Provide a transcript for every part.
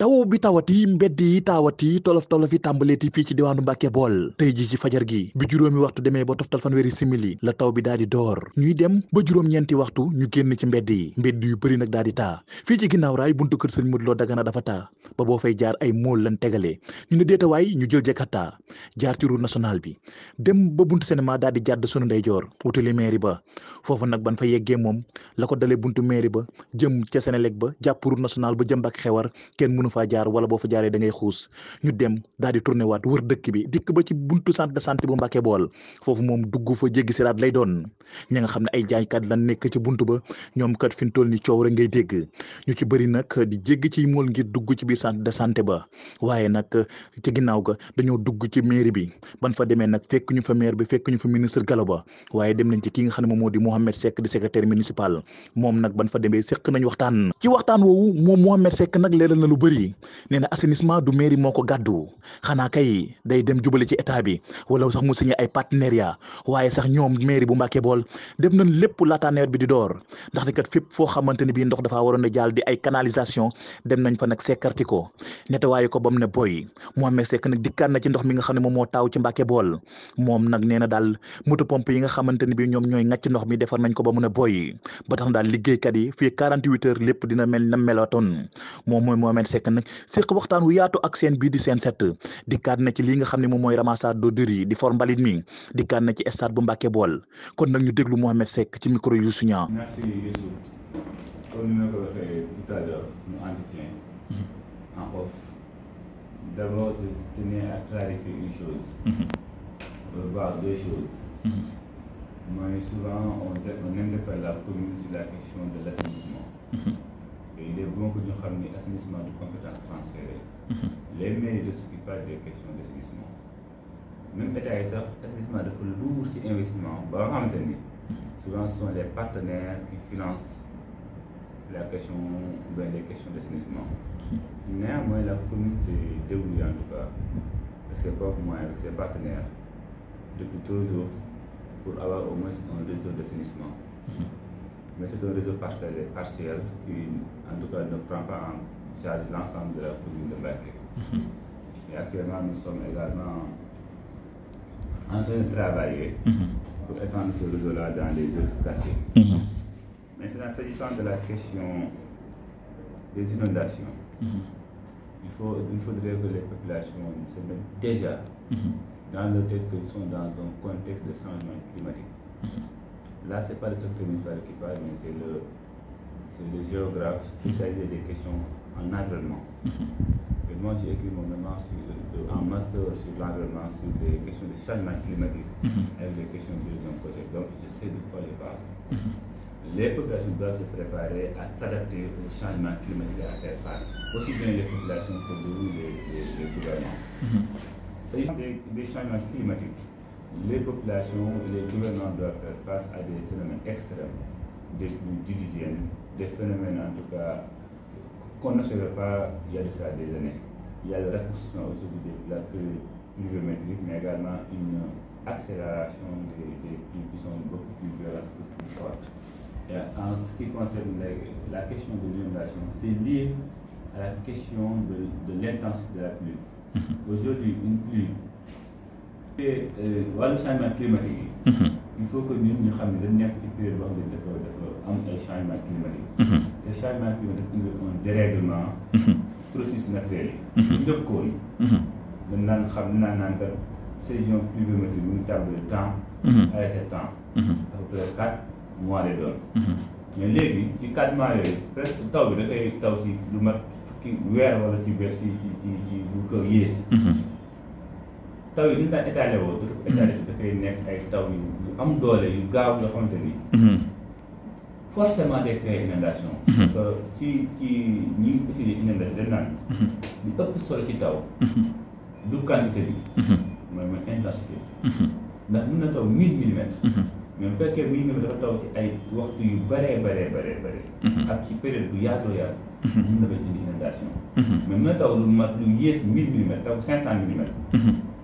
taw bi tawati mbedd yi taawati tolof tolof yi tàmbaleeti fii ci diwaanu Mbàkke bool tey ji ci fajar gi bi juróomi waxtu demee ba toftal fanweeri simili la taw bi daal di door ñuy dem ba juróom-ñeenti waxtu ñu génn ci mbedd yi mbedd yu bëri nag daal di taa fii ci ginnaaw raay buntu kër sëñ Modou Lo Dagana dafa taa ba boo fay jaar ay mool lan tegale ñu ne déetawaay ñu jël jakarta jaar ci route nationale bi dem ba buntu cinéma daal di jàdd sunu ndeyjoor wutali mairie ba foofu nag ban fa yeggee moom la ko dalee buntu mairie ba jëm ca Sénélec ba jàpp route nationale ba jëm ak xewar kenn mënu jaar wala boo fa jaaree da ngay xuus ñu dem daal di tourné waat wër dëkk bi dikk ba ci buntu centre de santé bu Mbàkke Bool foofu moom dugg fa jéggi siraat lay doon ñi nga xam ne ay jaaykat lan nekk ci buntu ba ñoom kat fi mu toll ni coow rek ngay dégg ñu ci bëri nag di jéggi ci mool ngir dugg ci biir centre de santé ba waaye nag ci ginnaaw ga dañoo dugg ci mairie bi ban fa demee nag fekk ñu fa maire bi fekk ñu fa ministre Gallo Ba waaye dem nañ ci ki nga bi nee na assainissement du mairie moo ko gàddu xanaa kay day dem jubale ci état bi wala sax mu signé ay partenariat waaye sax ñoom mairie bu Mbàkke Bool def nañ lépp laataa nawet bi di door ndaxte kat fépp foo xamante ni bii ndox dafaa waroon a jàll di ay canalisation dem nañ fa nag sekkarti ko netewaayu ko ba mu ne boy Mohamed Seck nag dikkaat na ci ndox mi nga xam ne moom moo taaw ci Mbàkke Bool moom nag nee na daal moto pompe yi ni bii ñoom ñooy ŋàcc ndox mi defar nañ ko ba mu ne boy ba yi fii 48 heures lépp moom mooy Mohamed nekk nag séq waxtaan wu yaatu ak seen bii di seen set dikkaat na ci li nga xam ne moom mooy ramassage d'ordures yi di for mbalit mi dikkaat na ci estade bu Mbàkke bool kon nag ñu déglu Mohamed Seck ci micro Youssou Niang. merci Youssou comme ni ma ko waxee tout à l'heure ñu entretien mhm. en off d'abord je tenir à clarifier une chose. Mhm. voire deux choses. Mhm. mooy souvent on interpelle la commune sur la question de l'assainissement. il est bon que nous sachions l'assainissement de compétences transférées. Mhm. Les mairies ne s'occupent pas des questions d'assainissement. Même l'État et ça, l'assainissement de lourd mhm. Souvent, ce sont les partenaires qui financent la question, les questions d'assainissement. Mhm. Néanmoins, la commune s'est déroulée en tout cas, pas ses propres moyens, avec ses partenaires, depuis toujours, pour avoir au moins un réseau d'assainissement mais c'est un réseau partiel, qui, en tout cas, ne prend pas en charge l'ensemble de la commune de Baké. Mhm. Et actuellement, nous sommes également en train de travailler mhm. pour étendre ce réseau-là dans les autres quartiers. Mhm. Maintenant, s'agissant de la question des inondations, il, faut, il faudrait que les populations se mettent déjà dans le tête que sont dans un contexte de changement climatique. Là, ce n'est pas le secteur qui parle, mais c'est le, géographe spécialisé mhm. des questions en environnement. Mhm. moi, j'ai écrit mon mémoire en master sur l'environnement, sur les questions de changement climatique, mhm. avec des questions de l'horizon projet. Donc, je sais de quoi je parle. Les populations doivent se préparer à s'adapter au changement climatique à faire face, aussi bien les populations que les, les, les gouvernements. des changements climatiques, les populations et les gouvernements doivent faire face à des phénomènes extrêmes, des pluies des phénomènes en tout cas qu'on ne savait pas il y a des années. Il y a le raccourcissement aujourd'hui de la pluviométrique, mais également une accélération des, des pluies qui sont beaucoup plus violentes, fortes. en ce qui concerne la, question de l'inondation, c'est lié à la question de l'intensité de la pluie. Mhm. Aujourd'hui, une pluie te euh, wàllu changement climatique yi. Mhm. il faut que ñun ñu xam ne dañ nekk ci période boo xam ne dafa dafa am ay changement climatique. Mhm. te changement climatique am un dérèglement. Mhm. processus naturel yi. bu njëkk doon. léegi ci quatre mois yooyu presque taw bi da taw ci lu mat fukki weer wala ci weer ci ci ci bu ko yées. taw yi ni ñu daan étalé woo. dëkk étalé dafay nekk ay taw yu am doole yu gaaw yoo bi ni. Mhm. forcément day créer inondation. Mhm. parce si ci ñi utiliser inondation dañ naan. Mhm. li ëpp solo ci taw. du quantité bi. mooy mooy intensité bi. ndax mën na taw mille millimètres. mais bu fekkee mille millimètres dafa taw ci ay waxtu yu bëree bëree bëree bëri. ak ci période bu yaatoo yaatu. mën na ba indi inondation. mais mën na taw lu mat lu yées mille taw cinq cent millimètres.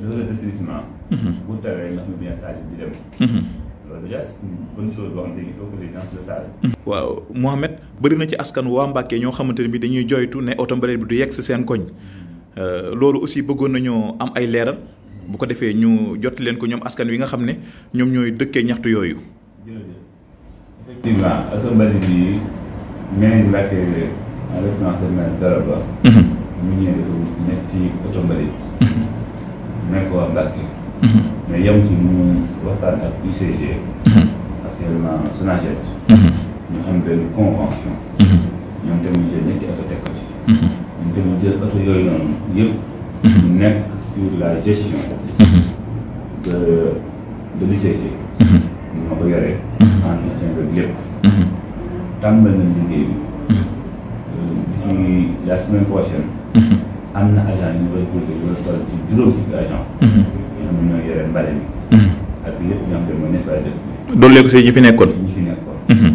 réseau d'assainissement. bu waaw Mouhamed bëri na ci askan waa Mbàkke ñoo xamante ne bi dañuy jooytu ne oto mbalit bi du yegg si seen koñ mhm. euh, loolu aussi bëggoon nañoo am ay leeral bu ko defee ñu jot leen ko ñoom askan wi nga xam ne ñoom ñooy dëkkee ñaxtu yooyu. jërëjëf effectivement nekk waa Mbacke mhm. mais yem ci mu waxtaan ak UCG mhm. actuellement SONAGED mhm. ñu am benn convention ñoom tamit jël ñetti oto teg ko ci ñoom tamit jël oto yooyu noonu yëpp ñu nekk sur la gestion de de l'UCG ñu ma ko yoree entretien bi lépp tàmbal nañ liggéey bi euh, d'ici la semaine prochaine am na agent ñu koy gunge lu toll ci juróom fukki agent ñoom mhm. ñoo yore mbale mi mhm. ak lépp ñoo xam ne mooy nettoyé dëkk bi doolu léegi si ñi fi nekkoon ñi fi nekkoon mhm.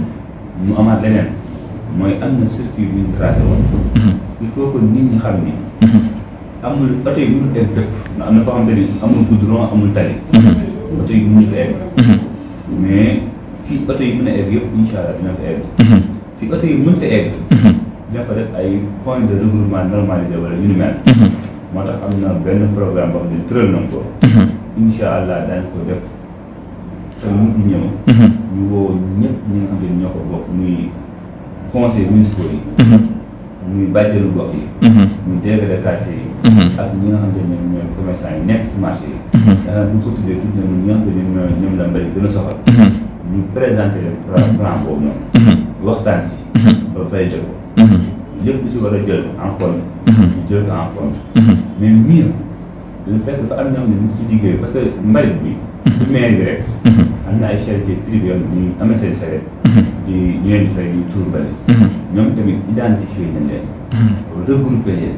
mu amaat leneen mooy am na circuit bu ñu tracé woon il faut que nit ñi xam ni amul oto yi mënul egg fépp ndax am na koo xamante ni amul goudron amul tali oto yi mënuñu fa egg mais fii oto yi mën a egg yëpp incha allah dina fa egg fii oto yi mënta egg def rek ay point de regroupement normalisé wala ñu mhm. moo tax am na benn programme boo xam ne tëral nañ ko. Mhm. incha allah daañu ko def te mu di ñëw. Mhm. ñu woo ñëpp ñi xam ne ñoo ko bokk muy conseil municipal yi. muy bàjjelu gox yi. muy délégué de quartier yi. ak ñi xam ne ñoom ñooy commerçant yi nekk si yi. daanaka euh, bu ko tuddee tudd nañu ñi xam ne ñoom ñoom la mbay gën a ñu présenté leen. Mm-hmm. plan boobu noonu. Mm-hmm. waxtaan ci. Mm-hmm. ba validé ko. lépp lu si war a jël en compte. ñu jël ko en compte. mais mieux fekk dafa am ñoo xam ne ñu ngi liggéey parce que mbalit bi. du maire bi rek. am na ay charité privée yoo amee seen salaire. di ñu leen di fay di tuur ñoom tamit identifier nañ leen. regroupé leen.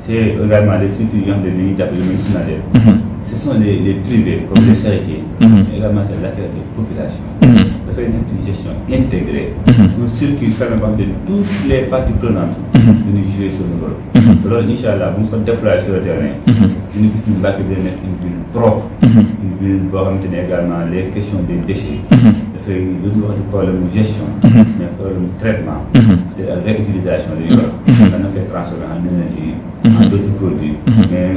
c'est également les structures yoo xam ne dañuy jàppale médecins ce sont les, les privés, comme mhm. les charité, mais mhm. également c'est l'affaire des populations, de mhm. faire une gestion intégrée, un circuit fermement de toutes les parties prenantes de nous jouer sur le rôle. Alors, Inch'Allah, incha là pouvez déployer sur le terrain. ñu gis ni que de mettre une ville propre. une ville pour maintenir également les questions des déchets. Il faut une autre di problème de gestion. mais problème de traitement. c'est-à-dire réutilisation de ça nous fait transformer en énergie. en d'autres produits. mais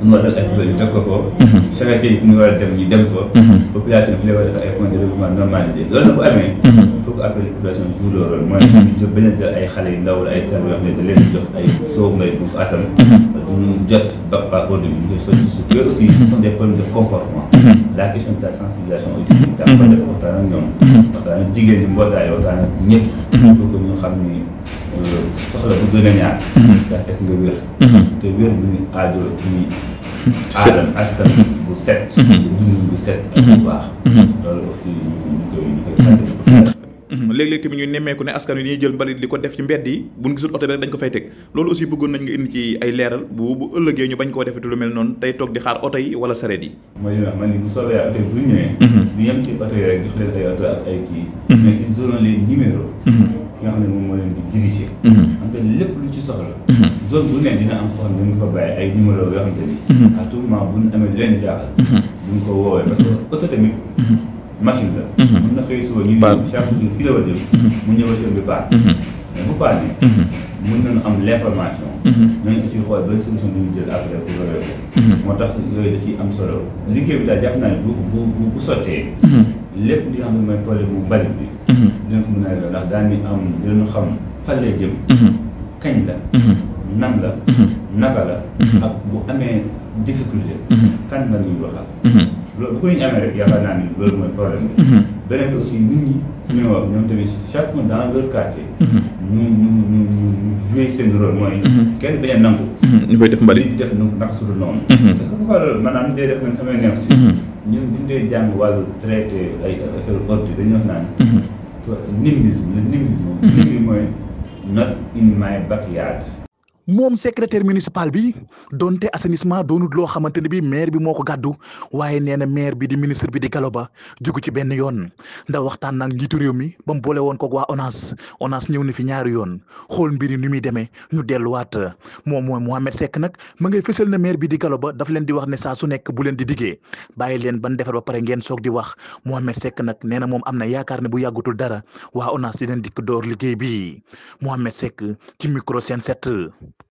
ñu war a def ay teg ko foofu. charité yi fi ñu war a dem ñu dem fa. population bi ñu a def ay points de regroupement normalisé loolu na ko amee. il faut que appel population joue le rôle. mooy ñu jël beneen jot ba par produit bi ñu koy sotti suuf yooyu aussi ce sont des problèmes de comportement. la question de la sensibilisation aussi. dafa def waxtaan ñoom. waxtaan ak jigéen ñi mbootaay waxtaan ak ñëpp. pour que ñu xam ni. soxla bu gën a ñaar. Mhm. daa fekk nga wér. Mhm. te wér bu ñu aajo ci. Mhm. aadam askan bu set. bu dund bu set. ak bu baax. loolu aussi ñu koy ñu koy fàttali. léeg-léeg tamit ñu nemmeeku ne askan wi dañuy jël mbalit di ko def ci mbedd yi bu ñu gisul oto bi rek dañ ko fay teg loolu aussi bëggoon nañ nga indi ci ay leeral bu bu ëllëgee ñu bañ koo defati lu mel noonu tey toog di xaar oto yi wala sareet yi. mooy li ma man bu bu ñëwee. ak ay kii. mais ils auront les numéros. ki am mhm. te lépp lu ci soxla mhm. zone bu ne dina am koo xam ne dañ ko bàyyi ay numéro yoo xam te ni mhm. à bu ñu amee lu leen ko woowee parce que oto tamit machine la mën na xëy suba ñu ne chaque jour fii la war a jëm mën nañu am l' information nañu aussi xool ba ñu jël après pour réglé ko moo tax yooyu da ciy am solo liggéey bi daal jàpp naa ne bu bu bu sottee lépp li xam ne mooy problème bu bari bi dina ko mën a ndax daan ñu am dinañu xam fan la jëm. Mhm. kañ la. Mhm. nan la. Mhm. naka la. ak bu amee difficulté. kan la ñuy waxal. loolu bu ko ñu amee rek yaakaar naa ni loolu mooy problème bi. beneen bi aussi nit ñi. ñu wax ñoom tamit chacun dans leur quartier. ñu ñu ñu ñu jouer seen rôle mooy. kenn bañ a nangu. ñu koy def mbalit li def nu naka su dul noonu. parce que bu xoolee loolu maanaam day def man samay neew si. ñun bu ñu dee jàng wàllu traité ay affaire ordre dañuy wax naan. nimbisme la nimbisme. nim bi mooy. not in my backyard. mom secrétaire municipal bi donte assainissement donut lo xamanteni bi maire bi moko gaddu gàddu waaye maire bi di ministre bi di galoba Ba jugu ci ben yoon nda waxtan nak njitu rew mi bam bolé won ko wa ONAS ONAS ñew ni fi ñaar yoon xol mbiri ni muy demee ñu wat mom mooy Mohamed sek nak ma ngay fessel na maire bi di galoba daf leen di wax ne sa su nek bu leen di diggé bàyyi leen ban défar ba paré ngeen sok di wax Mohamed sek nak nee mom amna am ne bu yagutul dara onance ONAS leen dik door liggéey bi Mohamed sek ci micro Sen 7